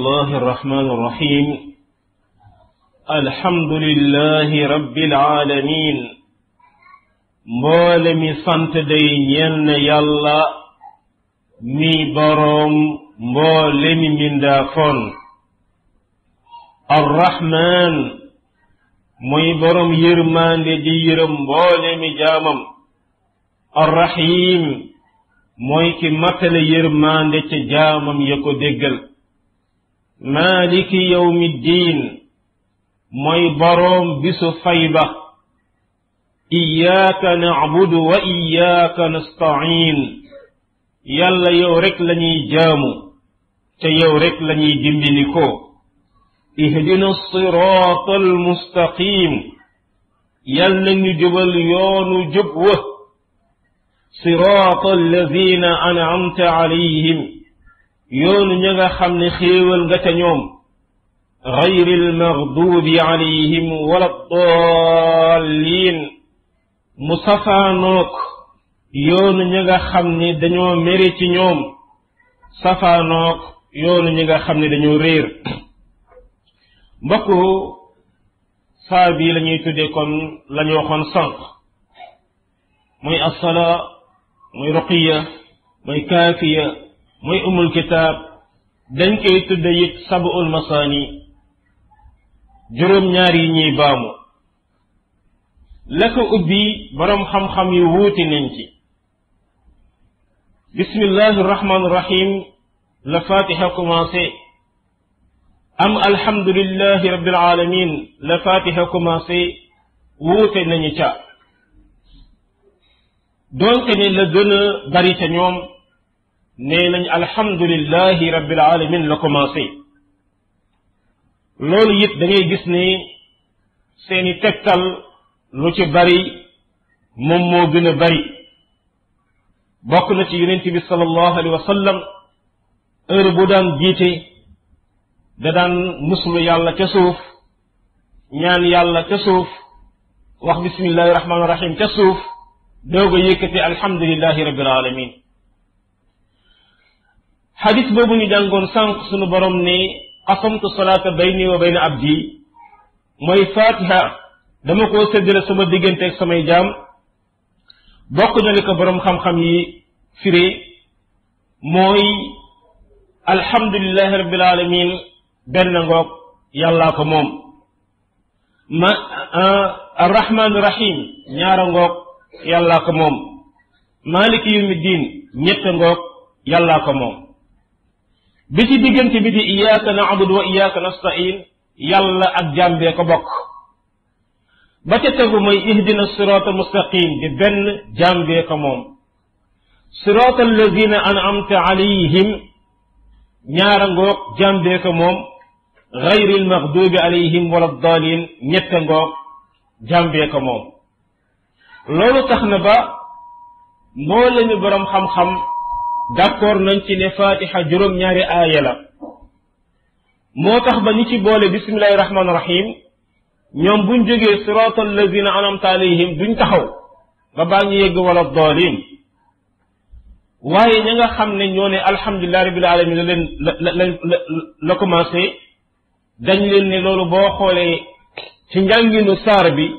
الله الرحمن الرحيم الحمد لله رب العالمين mboole mi sant day ñenn yàlla mi boroom mboole mi mindaafoon arrahman mooy boroom yërmaande di yërëm mboole mi jaamam arrahim mooy ki matale yërmaande ca jaamam ya ko déggal مالك يوم الدين موي بروم بسو فايبا اياك نعبد واياك نستعين يلا يورك لني لاني جامو تي يو رك اهدنا الصراط المستقيم يلا نجب اليون جبوه صراط الذين انعمت عليهم يون نيغا خامني خيوال ne xéewal nga ca ñoom غير المغضوب عليهم ولا الضالين مصفا نوك يون نيغا خامني دانيو ميري تي نيوم صفا نوك يون نيغا خامني دانيو رير مبكو صابي لا نيو تودي كوم لا نيو خون سانك موي الصلاه موي رقيه موي كافيه muy umul kitaab dañ koy tudde it sab'ul masaani juróom ñaar yi ñuy baamu la ko ubbi borom xam-xam yu wuuti nañ ci bismillahi rahmaani rahim la fatiha commencé am alhamdulillahi rabbil alamin la fatiha commencé wuute nañu ca donte ne la gën a bari ca ñoom نيلن الحمد لله رب العالمين لكم ما لول يت دنيا جسني سيني تكتل لوتي باري ممو بن باري بقنا تي ينتبه صلى الله عليه وسلم اربودان جيتي دادان مسلو يالله تسوف نيان يالله تسوف وخ بسم الله الرحمن الرحيم تسوف دوغو يكتي الحمد لله رب العالمين xadis boobu ñu jàngoon sànq sunu borom ne qasamtu salaata bayni wa bayna abdi mooy fatiha dama koo séddale sama diggante ak samay jaam bokk na li boroom xam-xam yi firee mooy alhamdulilahi rabbil alamin benn ngoog yàllaa ko moom ma ah, arrahmaanu rahim ñaara ngoog yàllaa ko moom maliki yawmi diin ñett ngoog ko moom bisi ci bi di iyyaka na'budu wa iyyaka nastain yàlla ak jambe ko bok ba ca tegu moy ihdinas siratal mustaqim di ben jambe ko mom siratal alladina anamta alayhim ñaara ngoog jambe ko mom ghayril moom غير المغضوب عليهم ولا الضالين jambe ko mom lolu taxna ba mo lañu borom xam xam d'accord nañ ci ne fatiha juróom-ñaari aaya la moo tax ba ñi ci boole bismillahi rahmaani rahim ñoom buñ jógee sirata allazina anamta alayhim duñ taxaw ba baa ñu yegg wala daalin waaye ña nga xam ne ñoo ne alhamdulillahi rabbil alamin la leen la la la commencé dañ leen ne loolu boo xoolee ci njànginu saar bi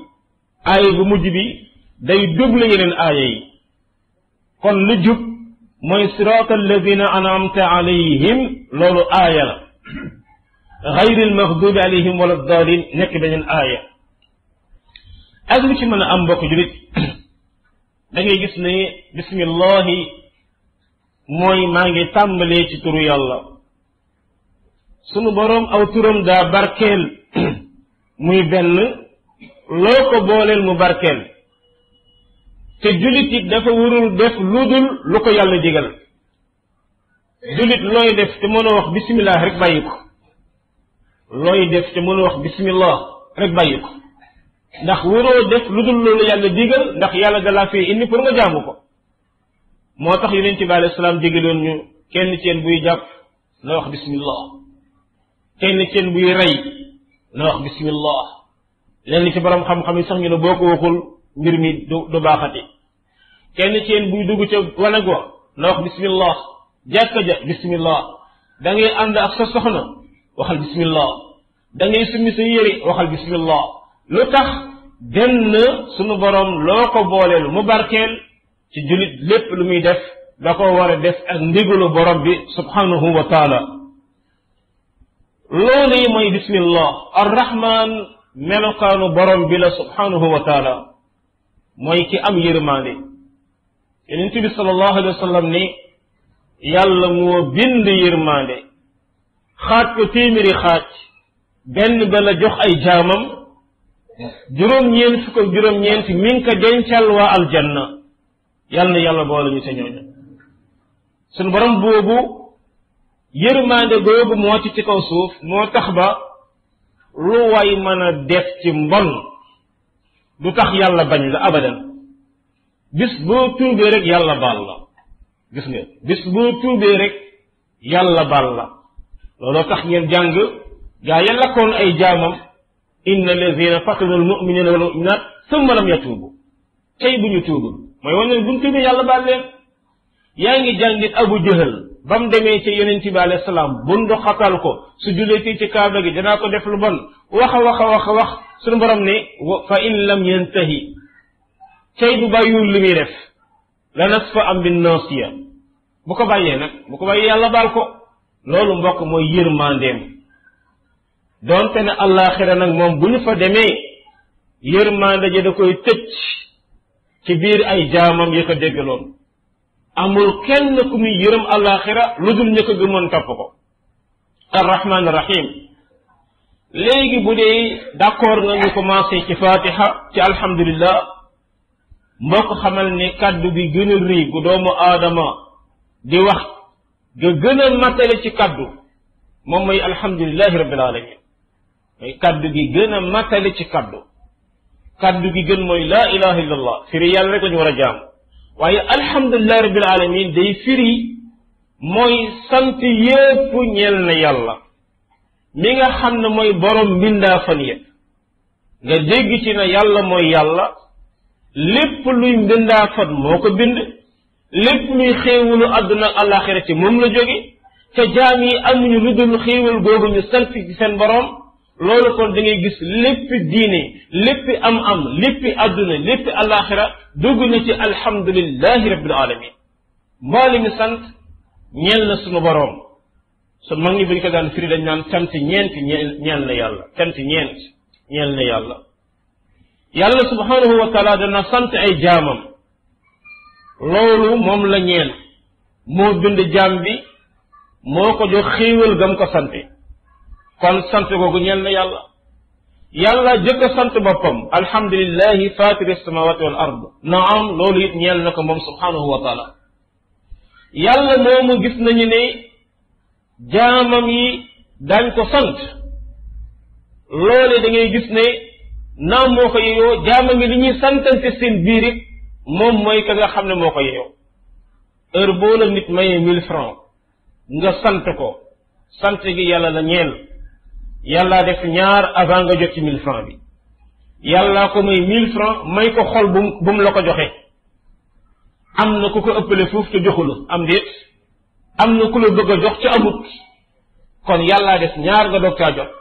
aaya bu mujj bi day double yeneen aaya kon lu jub mooy siraat alladina anamta alayhim loolu aaya la غير المغضوب alayhim wala الضالين نك بنين آية ak lu ci mën a am mbokk julit da ngay gis ne bismillahi mooy maa ngi tàmbalee ci turu yàlla sunu borom aw turam daa barkeel muy benn loo ko booleel mu barkeel te julit it dafa warul def lu dul lu ko yàlla digal julit looy def te mën a wax bismillah rek bàyyi ko looy def te mën a wax bismillah rek bàyyi ko ndax waroo def lu dul loolu yàlla digal ndax yàlla da laa fee indi pour nga jaamu ko moo tax yeneen ci alayhi salaam digaloon ñu kenn ci yéen buy jàpp la wax bismillah kenn ci yéen buy rey la wax bismillah lenn ci borom xam-xam yi sax ñu ne boo ko waxul mbir mi du du baaxati kenn ci yeen buy dugg ca wanag go na wax bismillah jàkka ja bismillah da ngay ànd ak sa soxna waxal bismillah da ngay summi sa yére waxal bismillah lu tax benn sunu borom loo ko booleel mu barkeel ci julit lépp lu muy def da ko war a def ak ndigalu borom bi subhanahu wa taala loolu yi mooy bismillah arrahman melokaanu borom bi la subhanahu wa taala mooy ki am yërmaande yonent bi sallallahu alayhi wa sallam ni yàlla moo bind yërmaande xaaj ko téeméeri xaaj benn ba la jox ay jaamam juróom-ñeent fukk ak juróom-ñeent mi ngi ko dencal waa aljanna yàlla boole ñu sa ñooñu suñu borom boobu yërmaande googu moo ci ci kaw suuf moo tax ba lu way mën a def ci mbon du tax yàlla bañ la abadan bis boo tuubee rek yàlla baal nga bis boo tuubee rek yàlla baal la looloo tax ngeen jàng gaa ya lakkoon ay jaamam inna allazina fatanu almuminina wal muminat summa lam yatuubu tey bu ñu tuubul mooy wan leen bu tuubee yàlla baal yaa ngi jàngit abu jahal bam mu demee ci yonent bi alayhi salaam bundu xatal ko su julleetee ci kaaba gi danaa ko def lu bon wax a wax a wax borom ne fa in lam yantahi cay bu bàyyiwul li muy la nas fa am bi nasiya bu ko bàyyee nag bu ko bàyyee yàlla baal ko loolu mbokk mooy yërmandeem doonte ne allaaxira nag moom bu ñu fa demee yërmande ja da koy tëj ci biir ay jaamam yi ko déggaloon amul kenn ku muy yërëm allaaxira lu dul ña ko gëmoon ko arrahmaan rahim léegi bu dee d'accord nga ñu commencé ci fatiha ci alhamdulillah moo ko xamal ni kaddu bi gën a gu doomu aadama di wax ga gën a ci kaddu moom mooy alhamdulilahi rabbil alamin kaddu gi gën a matale ci kaddu kaddu gi gën mooy laa ilaha illallah firi yàlla rek la war a jaam waaye alhamdulilahi rabbil alamin day firi mooy sant yépp ñeel na yàlla mi nga xam ne mooy borom mbindaa fan yépp nga dégg ci na yàlla mooy yàlla lépp luy mbindaafat moo ko bind lépp luy xéewalu àdduna ak àllaaxira ci moom la jóge te jaam yi amuñu lu dul xéewal googu ñu sant ci seen boroom loolu kon da ngay gis léppi diine léppi am-am léppi àdduna léppi àllaaxira dugg na ci alhamdulillahi rabbil alamin mboole mi sant ñeel na sunu boroom su mag ñi buñ ko daan firi dañ naan cant ñeent ñeel na yàlla cant yàlla yàlla subhaanahu wa taala dana sant ay jaamam loolu moom la ñeel moo bind jaam bi moo ko jox xéewal gam ko sante kon sant googu ñeel na yàlla yàlla jëkk a sant boppam alhamdulillahi fatiri samawati wal ard naam loolu it ñeel na ko moom subhaanahu wa taala moomu gis nañu ne jaamam yi daañ ko sant loole da ngay gis ne naa moo ko yeyoo jaama ngi li ñuy santante seen biir it moom mooy ka nga xam ne moo ko yeyoo heure boo la nit mayee mille francs nga sant ko sant gi yàlla la ñeel yàllaa def ñaar avant nga jot ci mille francs bi yàllaa ko may mille francs may ko xol bu bu mu la ko joxe am na ku ko ëppale foofu te joxula am déet am na ku la bëgg a jox ca amut kon yàllaa def ñaar nga doog caa jot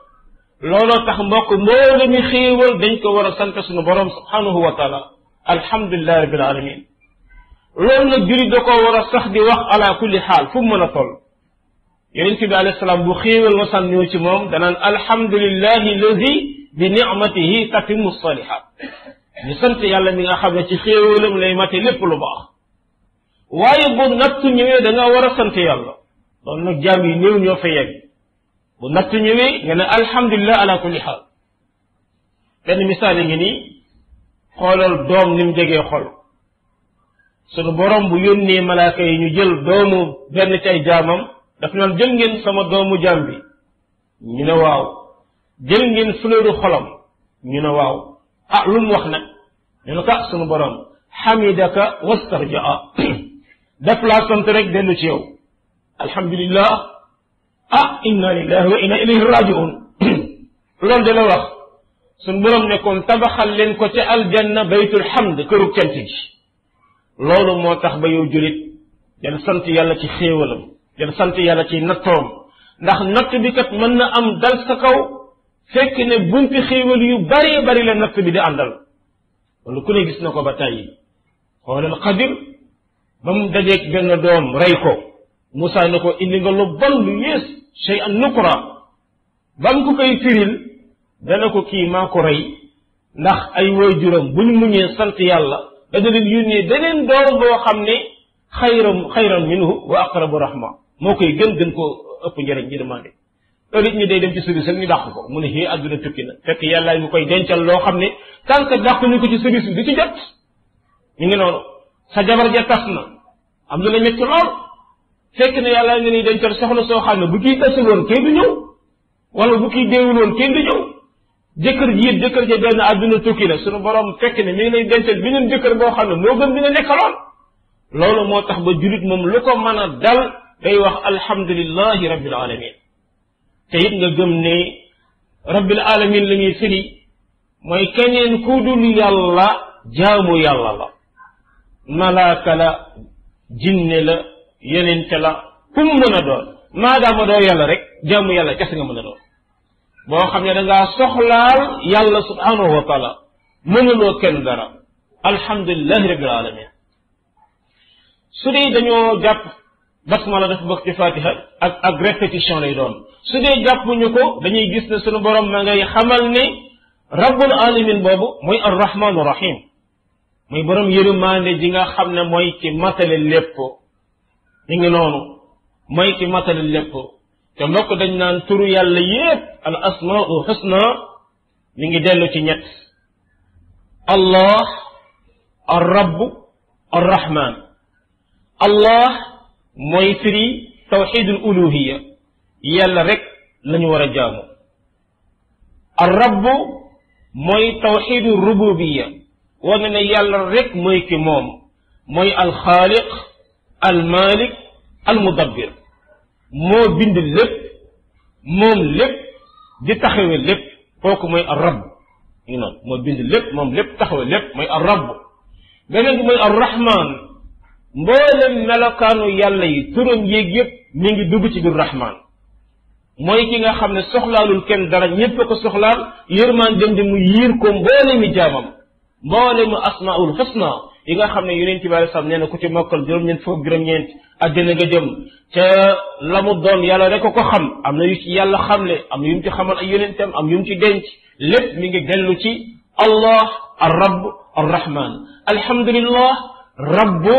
looloo tax mbokk mboole mi xéewal dañ ko war a sant sunu borom subhanahu wa taala alhamdulilah rabbil alamin loolu nag julit da koo war a sax di wax ala kulli xaal fu mu mën a toll yonent bi alayhi salaam bu xéewal ma san ñëw ci moom danaan alhamdulilahi lazi bi nicmatihi tatimu salihat ñu sant yàlla mi nga xam ne ci xéewalam lay mate lépp lu baax waaye bu nattu ñëwee da nga war a sant yàlla loolu nag jaam yi néew ñoo fa yegg bu natt ñëwee nga ne alhamdulilah ala kulli xaal benn misaal yi ngi nii xoolal doom ni mu xool xol sunu borom bu yónnee malaaka yi ñu jël doomu benn ci ay jaamam daf naan jël ngeen sama doomu jaam bi ñu ne waaw jël ngeen fleuru xolam ñu ne waaw ah lu wax na ñu ne ko ah sunu borom xamidaka wastarjaa daf laa sant rek dellu ci yow alhamdulillah ah inna lillahi wa inna ilayhi rajiun loolu de la wax sun borom nekkoon tabaxal leen ko ca aljanna baytul hamd kërug cant gi loolu moo tax ba yow julit del sant yàlla ci xéewalam del sant yàlla ci nattoom ndax natt bi kat mën na am dal sa kaw fekk ne bunti xéewal yu bari bari la natt bi di àndal loolu ku ne gis na ko ba tàyyi xoolal xadir ba mu dajeeg benn doom rey ko Moussa ne ko indi nga lu bon lu yées shay an nukra ba mu ko koy firil dana ko kii maa ko rey ndax ay waajuram bu ñu muñee sant yàlla dana leen yónnee beneen doom boo xam ne xayram xayran minhu wa aqrabu rahma moo koy gën gën koo ëpp njëriñ ñi demandé loolu it ñu day dem ci service rek ñu dàq ko mu ne xii àdduna tukki na fekk yàlla ñu koy dencal loo xam ne tant que dàq ñu ko ci service bi du ci jot ñu ngi noonu sa jabar ja tas na am lu la lool fekk ne yàlla nga ni dencoon soxna soo xam ne bu kii tasul woon kenn du ñëw wala bu kii déewul woon kenn du ñëw jëkkër ji it jëkkër ji benn àdduna tukki la suñu borom fekk ne mi ngi lay dencal beneen jëkkër boo xam ne moo gën dina nekkaloon loolu moo tax ba jullit moom lu ko mën a dal day wax alhamdulilahi rabbil alamin te it nga gëm ne rabbil alamin la ñuy firi mooy keneen ku dul yàlla jaamu yàlla la malaaka la jinne la yeneen ca la ku mu mën a doon maadaama doo rek jaamu yàlla kese nga mën a boo xam ne dangaa soxlaal yàlla subhanahu wa taala mënuloo kenn dara alhamdulilahi rabil alamin su dee dañoo jàpp basmala dafa bokk ci fatiha ak ak répétition lay doon su dee jàppuñu ko dañuy gis ne sunu borom ma ngay xamal ne rabbul alamin boobu mooy arrahmanu rahim muy borom yërëmaande ji nga xam ne mooy ci matale lépp mi ngi noonu mooy ki matal lépp te mbokk dañ naan turu yàlla yépp al asma asmaul husna mi ngi dellu ci ñett allah ar rabb ar rahman allah mooy firi al uluhiya yàlla rek lañu war a jaamu ar rabb mooy tawxidu rububiya wane ne yàlla rek mooy ki moom mooy al xaaliq almalik almudabbir moo bind lépp moom lépp di taxawe lépp kooku mooy arab ñu noonu moo bind lépp moom lépp taxawe lépp mooy arab beneen bi mooy arrahman mboolem melokaanu yàlla yi turam yéeg yépp mi ngi dugg ci biir rahman mooy ki nga xam ne soxlaalul kenn dara ñépp ko soxlaal yërmaan dem di mu yiir ko mboolemi jaamam mboolemi asmaul xusna yi nga xam ne yonent bi alei salaam nee na ku ci mokkal juróom-ñeent fukk juróom-ñeent àddina nga jëm ca la mu doon yàlla rek ko xam am na yu ci yàlla xamle am na yu mu ci xamal ay yonentam am yu mu ci denc lépp mi ngi dellu ci allah arrab arrahman alhamdulillah rabbu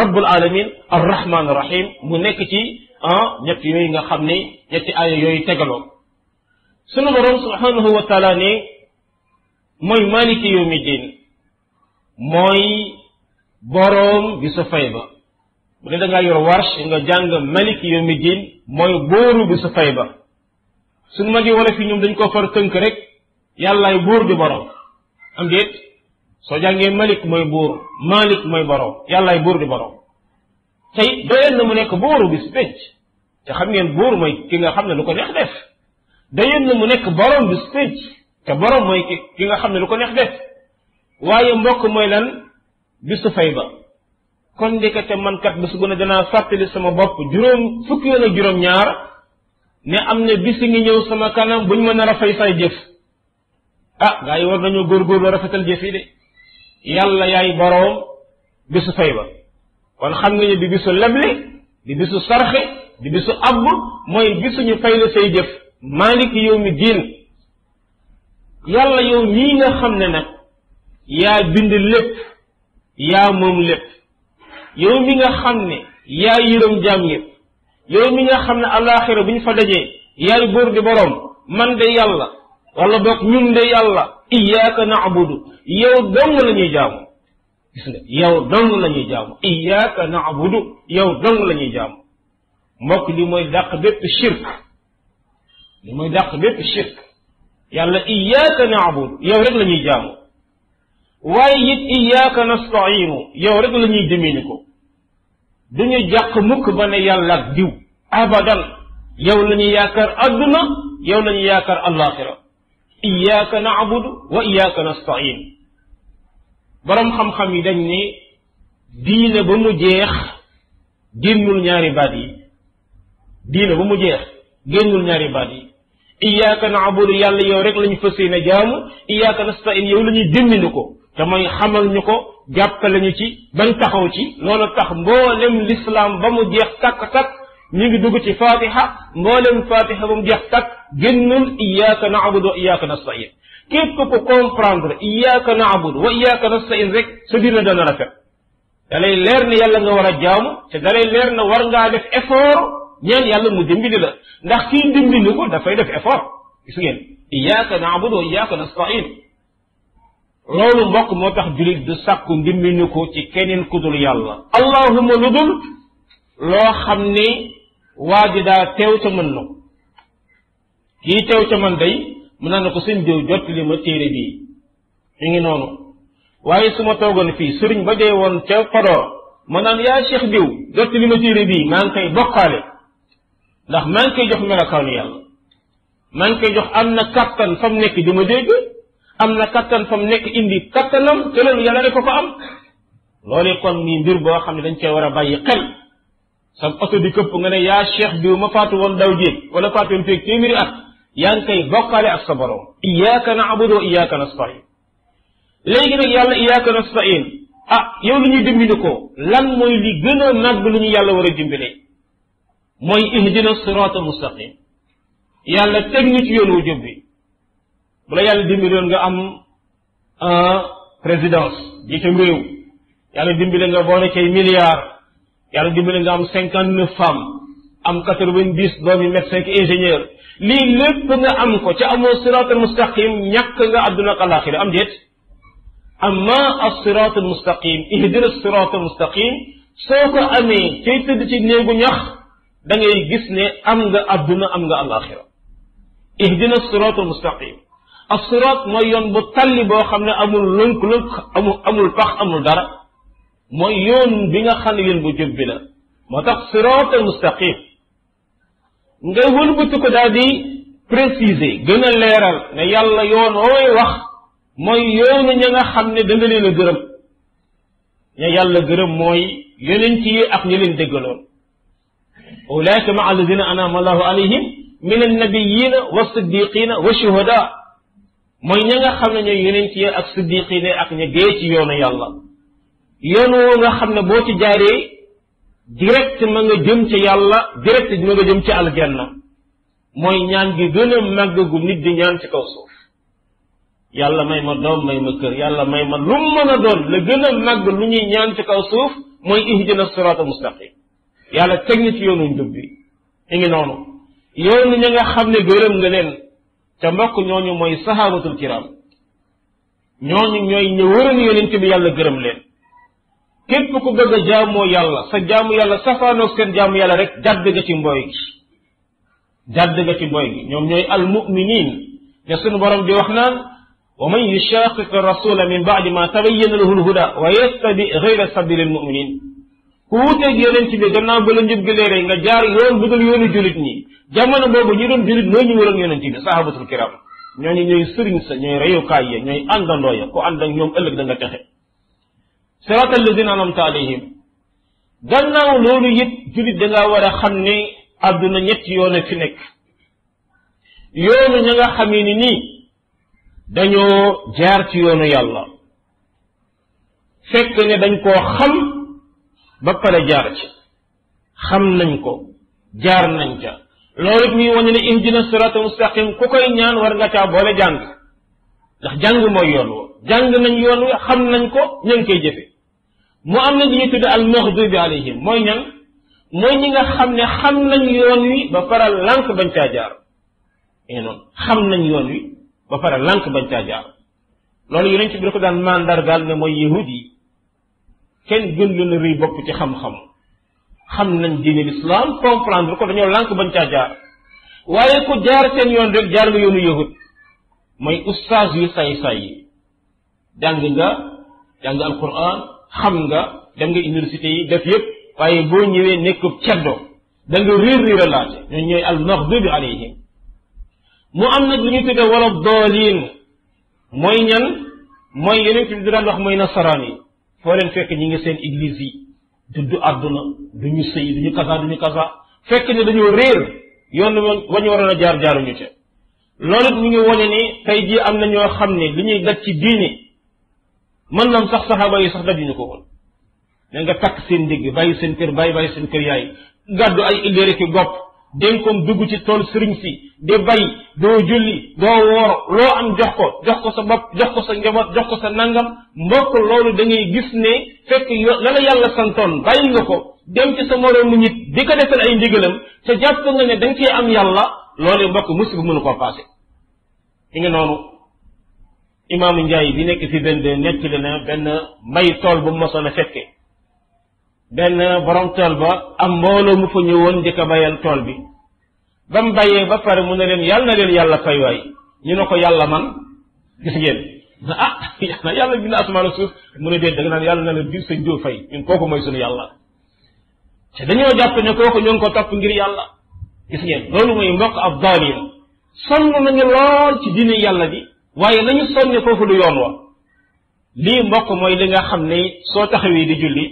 rabbul alamin arrahman arrahim mu nekk ci ah ñett yooyu nga xam ni ñetti aaya yooyu tegaloo sunu borom subhanahu wa taala ne mooy maliki yawmi din mooy boroom bi sa fay ba bu dee da ngaa yor warsh nga jàng maliki yawmi diin mooy bóoru bi sa fayba ba ma magi wala fi ñoom dañ ko far tënk rek yàllaay buur di boroom am déet soo jàngee malik mooy buur malik mooy boroom yàllaay buur di boroom tey na mu nekk buuru bis pénc te xam ngeen buur mooy ki nga xam ne lu ko neex mu nekk boroom bis pénc ki nga xam ne lu ko neex def waaye mbokk mooy lan bisu fayba kon ndekete man kat bisu gën a danaa fàttali sama bopp juróom fukki yoon ak juróom ñaar ne am ne bis ngi ñëw sama kanam buñ ma nar a fay say jëf ah gaa yi war nañoo góorgóorlu rafetal jëf yi de yàlla yaay boroom bisu fayba kon xam nga ne di bisu leble di bisu sarxe di bisu abb mooy bisuñu fay la say jëf malik yow mi diin yàlla yow ñii nga xam ne nag yaa bind lépp yaa moom lépp yow mi nga xam ne yaa yërëm jaam yëpp yow mi nga xam ne alaxira bu ñu fa dajee yaay buur di borom man de yàlla wala boog ñun de yàlla iyaaka naabudu yow dong la ñuy jaamu gis nga yow dong la ñuy jaamu iyaaka naabudu yow dong la ñuy jaamu mbokk li mooy dàq bépp shirk li mooy dàq bépp shirk yàlla iyaaka naabudu yow rek la ñuy jaamu waaye it iyaaka nastainu yow rek la ñuy dimbali ko duñu jàq mukk ba ne yàlla ak diw abadan yow la ñuy yaakaar adduna yow la ñuy yaakaar alaxira na naabudu wa iyaaka nastain boroom xam-xam yi dañ ne diine ba mu jeex génnul ñaari baat yi diine ba mu jeex génnul ñaari baat yi iyaaka naabudu yàlla yow rek la ñu fas yéene jaamu iyaaka nastain yow la ñuy dimbali ko te moy xamal ñu ko jàppale ñu ci ban taxaw ci loolu tax mboolem lislaam ba mu jeex takk tak ñu ngi dugg ci fatiha mboolem fatiha ba mu jeex tak génnul iyaaka naabudu wa iyaaka nastain képp ko comprendre iyaaka naabudu wa iyaaka nastain rek sa dina dana rafet da lay leer ni yàlla nga war a jaamu te dalay leer na war ngaa def effort ñeen yàlla mu dimbali la ndax kii dimbali ko dafay def effort gis ngeen iyaaka naabudu wa iyaaka nastain loolu mbokk moo tax jullit du sàkku ndimbinu ko ci keneen ku dul yàlla allahuma lu dul loo xam ni waa ji daa teew ca mën na ko kii teew ca man day mu naan na ko sëñ diw jottali ma téere bii ñu ngi noonu waaye su ma toogoon fii sëriñ ba dee woon ca Podor ma naan yaa Cheikh diw jottali ma téere bii maa ngi koy bokkaale ndax maa ngi koy jox melokaanu yàlla maa ngi koy jox am na kàttan fa mu nekk di ma dégg am na kattan fa nekk indi kattanam te loolu yàlla rek ko ko am loolu kon mii mbir boo xam ne dañ cee war a bàyyi xel sa oto di këpp nga ne yaa cheikh diw ma faatu woon daw jéeg wala faatu woon feeg téeméeri at yaa ngi koy bokkaale ak sa borom iyaaka naabudu wa iyaaka nastain léegi nag yàlla iyaaka nastain ah yow li ñuy dimbali ko lan mooy li gën a màgg lu ñu yàlla war a dimbale mooy ihdina sirata mustaqim yàlla teg ñu ci yoon bi bu la yàlla dimbali nga am un euh, présidence jiitam yaa yàlla dimbali nga boole cay milliards yàlla dimbali nga am cinquante neuf femmes am quatre vingt dix doomi médecin ki ingénieur lii nga am ko ca amoo siraatal mustaqim ñàkk nga àdduna ak alaxira am déet amma as-siraatal mustaqim ihdina siraatal mustaqim soo ko amee cay tëdd ñax da gis ne am nga àdduna am nga mustaqim الصراط ما يون بطل بو خامني امول لونك لونك امول امول فخ امول دار ما يون بيغا خاني يون بو جيب بلا ما تخ صراط المستقيم نغي وول بو تكو دادي بريسيزي غنا ليرال ني يالا يون اوي واخ ما يون نيغا خامني دا نغي لينا گرم ني يالا گرم موي يونتي اخ ني لين دگلون اولئك مع الذين انعم الله عليهم من النبيين والصديقين والشهداء mooy ña nga xam ne ñooy yonent ya ak siddiqi ne ak ña dee ci yoonu yàlla yoon woo nga xam ne boo ci jaaree direct ma nga jëm ci yàlla direct ma nga jëm ci aljanna mooy ñaan gi gën a màgg gu nit di ñaan ci kaw suuf yàlla may ma doom may ma kër yàlla may ma lu mën a doon la gën a lu ñuy ñaan ci kaw suuf mooy ihdina sirata mustaqim yàlla teg na ci yoonu njub bi mi noonu yoonu ña nga xam ne gërëm nga leen te mbokk ñooñu mooy sahabatul kiram ñooñu ñooy ñu wërani yonent bi yàlla gërëm leen képp ku bëgg a jaamoo yàlla sa jaamu yàlla safaanoog seen jaamu yàlla rek jàdd nga ci mbooy gi jàdd nga ci mbooy gi ñoom ñooy al muminin te sunu borom di wax naan wa man yushaqiq rasula min ba'di ma tabayyana lahu lhuda wa yattabi ghayra sabili lmuminin ku wuuteeg yonent bi gannaaw ba la njub gi leere nga jaar yoon bu dul yoonu julit ñi jamono boobu ñu doon jullit ñoo ñu wëroon yonent bi sahabatul kiram ñooñu ñooy sëriñ sa ñooy reyukaay ya ñooy àndandoo ya ku ànd ak ñoom ëllëg da nga texe sirat alladina anamta alayhim gannaaw loolu it jullit da ngaa war a xam ne àdduna ñetti yoon fi nekk yoonu ña nga xamee ni nii dañoo jaar ci yoonu yàlla fekk ne dañ koo xam ba pare jaar ci xam nañ ko jaar nañ ca loolu it muy wane ne ihdina siraatal mustaqim ku koy ñaan war nga caa boole jàng ndax jàng mooy yoon wo jàng nañ yoon wi xam nañ ko ña koy jëfe mu am na li ñuy tudde al maxdubi alayhim mooy ñan mooy ñi nga xam ne xam nañ yoon wi ba faral lànk bañ caa jaar ee eh, noonu xam nañ yoon wi ba faral lànk bañ caa jaar loolu yonent bi da ko daan mandargaal ne mooy yahud yi kenn gën leen rëy bopp ci xam-xam xam nañ diine l'islam comprendre ko dañoo lànk bañ caa jaar waaye ku jaar seen yoon rek jaar nga yoonu yahut mooy ustaas yu say-say yi jàng nga jàng alquran xam nga dem nga université yi def yëpp waaye boo ñëwee nekkub ceddo da nga réer réer a laate ñooñu ñooy al maxdubi alayhim mu am nag lu ñu tuddee wala dooliin mooy ñan mooy yeneen fi di daan wax mooy nasaraan yi foo leen fekk ñi ngi seen église yi du àdduna du ñu sëy du ñu kasa du ñu kasa fekk ne dañoo réer yoon wa ñu waroon a jaar jaaruñu ca loolu it mi ngi wone ni tey am na ñoo xam ne li ñuy daj ci diine mën nam sax saxaaba yi sax dajuñu ko woon da nga takk seen ndigg bàyyi seen kër bàyyi bàyyi seen kër yaay gàddu ay illéer ki gopp dénkoom dugg ci tool sëriñ si di bay doo julli doo woor loo am jox ko jox ko sa bopp jox ko sa njaboot jox ko sa nangam mbokk loolu da gis ne fekk yo la la yàlla santoon bàyyi nga ko dem ci sa moroomu nit di ko defal ay ndigalam sa jàpp nga ne da nga cee am yàlla loolu mbokk musiba mënu koo paase di nga noonu imaamu Njaay bi nekk fi benn nettali na benn mbay tool bu mosoon a fekke benn borom tool ba am mbooloo mu fa ñëwoon di ko bayal tool bi bam baye ba pare mu ne len yalla len yalla fay way ñu ne ko yàlla man gis ngeen ah na yàlla bind asma rasul mu ne de da nga naan yàlla na leen bir señ do fay ñun kooku moy suñu yalla ci dañu japp ne kooku ñu ko top ngir yalla gis ngeen lolu moy mbokk ab daalil sonn ngi lol ci dina yalla bi waye lañu sonni fofu du yoon wa li mbokk moy li nga xamne so taxawé di julli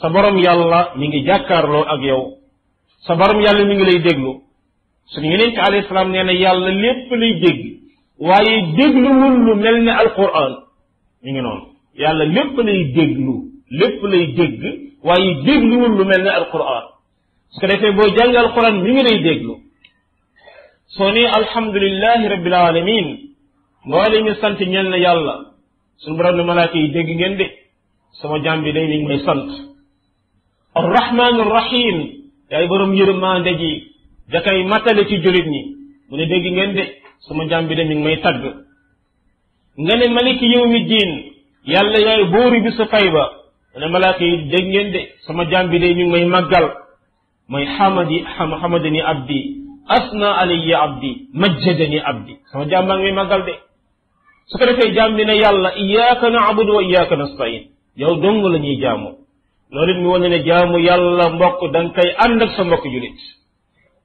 sa borom yalla mi ngi jakarlo ak yow sa borom yalla mi ngi lay deglu suñu yonent alayhi salaam nee na yàlla lépp lay dégg waaye dégluwul lu mel ne alquran mi ngi noonu yàlla lépp lay déglu lépp lay dégg waaye dégluwul lu mel ne alquran su ko defee boo jàng alquran mi ngi lay déglu soo nee alhamdulilahi rabbil alamin mboole ñu sant ñel na yàlla suñu borom ne malaaka yi dégg ngeen de sama jaam bi day mi ngi sant arrahman arrahim yaay borom yërmande ji da koy matale ci jullit ñi mu ne dégg ngeen de sama jàmm bi de may tagg nga ne maliki yawmi diin yàlla yaay bi sa fay ba yi dégg ngeen de sama jàmm bi de mi ngi may màggal mooy xamadi xam xamadani abdi asna alayya abdi majjadani abdi sama jàmm baa ngi may màggal de su ko defee jàmm bi ne yàlla iyaaka naabudu wa iyaaka nastain yow dong la ñuy jaamu loolu it ne jaamu yàlla mbokk da nga koy ànd ak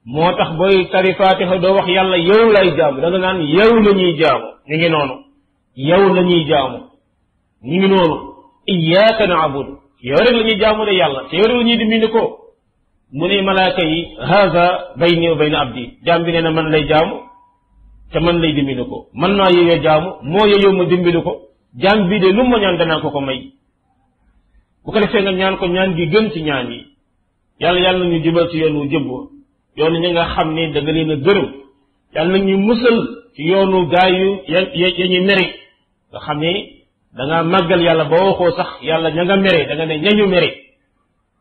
moo tax booy tari faatiha doo wax yàlla yow lay jaamu da naan yow la ñuy jaamu ñu ngi noonu yow la jaamu ñu ngi noonu iyaaka naabudu yow rek la ñuy jaamu de yàlla te yow rek la ñuy dimbali ko mu ne malaaka yi haza bayni wa bayna abdi jaam bi nee na man lay jaamu te man lay dimbali ko man naa yeyoo jaamu moo yeyoo ma dimbali ko jaam bii de lu ma ñaan danaa ko ko may bu ko defee nga ñaan ko ñaan gi gën ci ñaan yi yàlla yàlla nañu jubal ci yoon wu jëb yoon ñi nga xam ne da nga leen a gërëm yàlla na ñu musal ci yoonu yu ya ya, ya ñu mere nga xam ne da nga màggal yàlla ba waxoo sax yàlla ña nga mere da nga ne ñu mere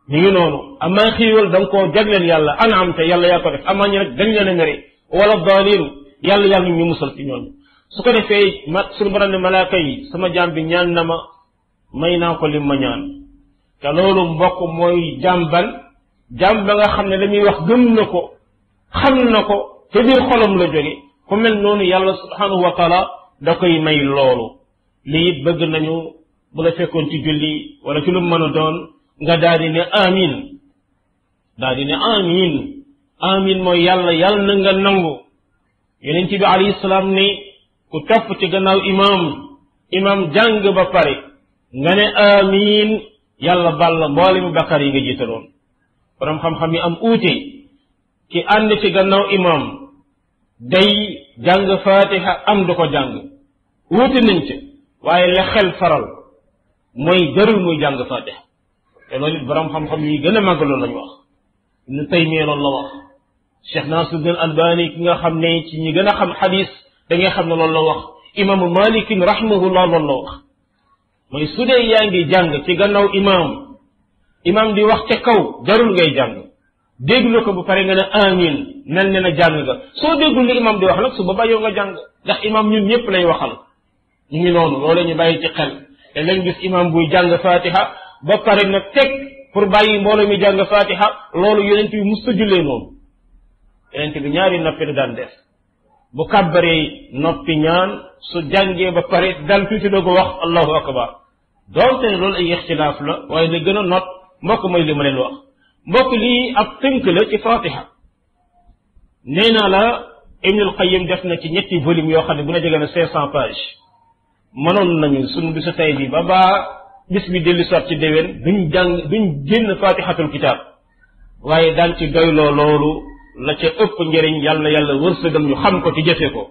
ñu ngi noonu ama xiiwal da nga koo jagleel yàlla anaam te yàlla yaa ko def amaa ñu rek dañ leen a mere wala dalil yàlla yàlla ñu musal ci ñooñu su ko defee ma suñu borom ne malaaka yi sama jaam bi ñaan na ma may naa ko lim ma ñaan te loolu mbokk mooy jàmbal jàmm ba nga xam ne la muy wax gëm na ko xam na ko ca biir xolam la jóge ku mel noonu yàlla subhanahu wa taala da koy may loolu lii bëgg nañu bu la fekkoon ci julli wala ci lu mën a doon nga daal di ne amin daal di ne amin amin mooy yàlla yàlla na nga nangu yeneen ci bi alayhi salaam ni ku topp ci gannaaw imaam imaam jàng ba pare nga ne amin yàlla bàll mboolemu bakar yi nga jiitaloon borom xam-xam yi am uute ki ànd ci gannaaw imam day jàng fatiha am du ko jàng wuute nañ ci waaye la xel faral mooy jarul muy jàng fatiha te loolu borom xam-xam yi gën a mag loolu lañ wax ibnu mee loolu la wax cheikh nasruddin albani ki nga xam ne ci ñi gën a xam xadis da ngay xam ne loolu la wax imaamu malikin rahmahullah loolu la wax mooy su dee yaa ngi jàng ci gannaaw imam imaam di wax ca kaw jarul ngay jàng déglu ko bu pare nga na amin mel na jàng nga soo déggul li imaam di wax nag su ba bàyyoo nga jàng ndax imaam ñun ñëpp lay waxal ñu ngi noonu loolu ñu bàyyi ci xel te lañ buy jàng fatiha ba pare na teg pour bàyyi mbooloo mi jàng fatiha loolu yonent bi mus sa jullee noonu yonent bi ñaari noppi daan def bu kàbbaree noppi ñaan su jàngee ba pare dal tuuti doo ko wax allahu akbar doonte ne loolu ay ixtilaaf la waaye la gën a not mbokk mooy li ma leen wax mbokk lii ab tënk la ci fatiha nee naa la Ibnul Qayyim def na ci ñetti volume yoo xam ne bu na jege na cinq cent page mënoon nañu suñu bisu tay bi ba baa bis bi dellu sot ci déwén duñ jàng duñ génn fatihatul kitaab waaye daan ci doyloo loolu la ca ëpp njëriñ yàlla yàlla wërsëgal ñu xam ko ci jëfe ko